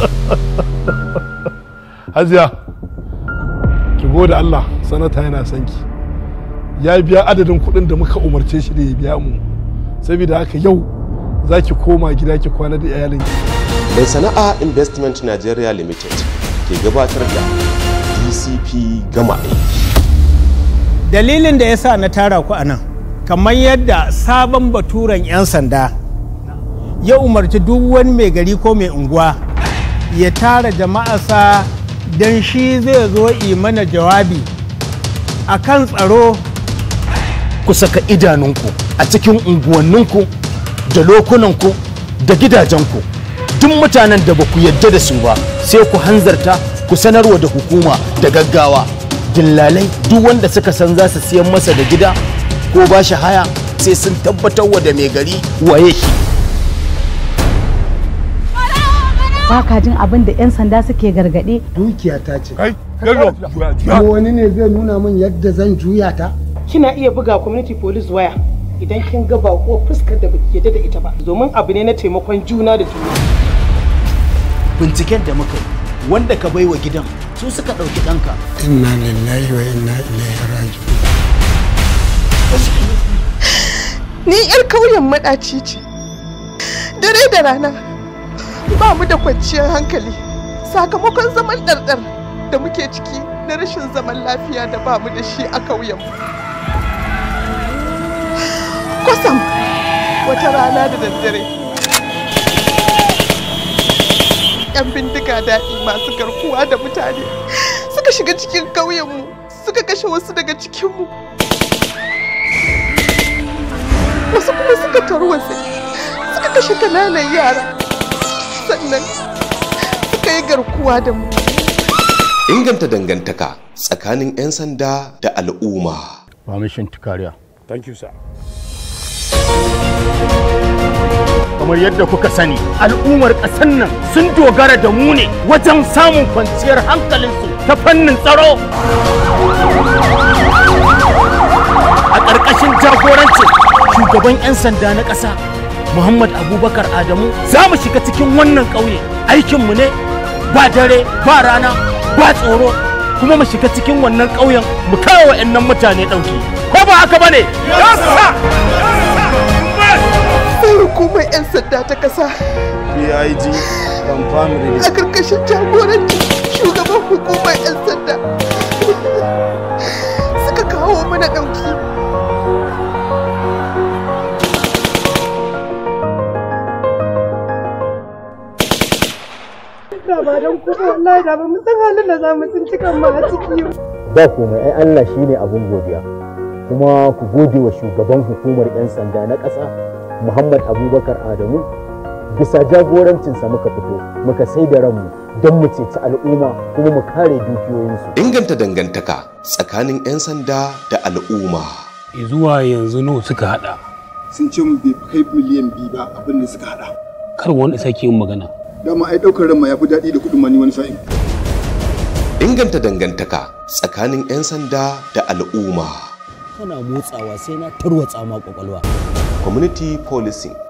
hajiya ki gode Allah sanata yana sanki ya biya adadin kuɗin da muka umarce shi da ya biya mu saboda haka yau za ki koma gida ki kwana da iyalin mai sana'a investment nigeria limited ke gabatar da dcp gama aiki dalilin da ya sa na tara ku a nan kamar yadda sabon baturen 'yan sanda ya umarci duk wani mai gari ko mai unguwa ya tara jama'arsa don shi zai zo Imana jawabi a kan tsaro ku saka idanunku a cikin unguwanninku da lokunanku da gidajenku duk mutanen da ba ku yadda da su ba sai ku hanzarta ku sanarwa da hukuma da gaggawa dillalai duk wanda suka san za su siyan masa da gida ko ba shi haya sai sun tabbatarwa da mai gari waye shi ba ka jin abin da 'yan sanda suke gargaɗe dukiya ta ce kai wani ne zai nuna min yadda zan juya ta kina iya buga community police waya idan kin ga ko fuskar da baki yadda da ita ba domin abu ne na taimakon juna da juna binciken da muka yi wanda ka baiwa gidan su suka ɗauki ɗanka inna lillahi wa inna ilaihi raji'un ni yar kauyen maɗaci ce dare da rana ba mu da kwanciyar hankali sakamakon zaman ɗarɗar da muke ciki na rashin zaman lafiya da ba mu da shi a ƙauyenmu kusan wata rana da daddare yan bindiga daɗi masu garkuwa da mutane suka shiga cikin ƙauyenmu suka kashe wasu daga cikinmu wasu kuma suka tarwatsa suka kashe kananan yara sannan suka yi garkuwa da mu inganta dangantaka tsakanin 'yan sanda da al'umma permission to kariya thank you sir kamar yadda kuka sani al'ummar ƙasar nan sun dogara da mu ne wajen samun kwanciyar hankalinsu ta fannin tsaro a ƙarƙashin jagorancin shugaban 'yan sanda na ƙasa Muhammad Abubakar Adamu za mu shiga cikin wannan ƙauye aikinmu ne ba dare ba rana ba tsoro kuma mu shiga cikin wannan ƙauyen mu kawo wa'annan mutane ɗauki ko ba haka ba ne hukumar 'yan sanda ta ƙasa PIG a ƙarƙashin jagoranci shugaban don kuma wallahi da ba Mun san halin da za mu tsinci kanmu a ciki yau. ba komai ai Allah shi ne abun godiya kuma ku gode wa shugaban hukumar 'yan sanda na ƙasa Muhammad Abubakar Adamu bisa jagorancinsa muka fito muka sai da ranmu don mu ceci al'umma kuma mu kare dukiyoyinsu. Inganta dangantaka tsakanin 'yan sanda da al'umma. Zuwa yanzu nawa suka haɗa. Sun ce mu bai kai miliyan biyu ba abin da suka haɗa. Kar wani sake yin magana. dama ai ɗaukar ran ma ya fi daɗi da kuɗin mani wani sa'in. inganta dangantaka tsakanin 'yan sanda da al'umma. Kana motsawa sai na tarwatsa ma kwakwalwa. Community policing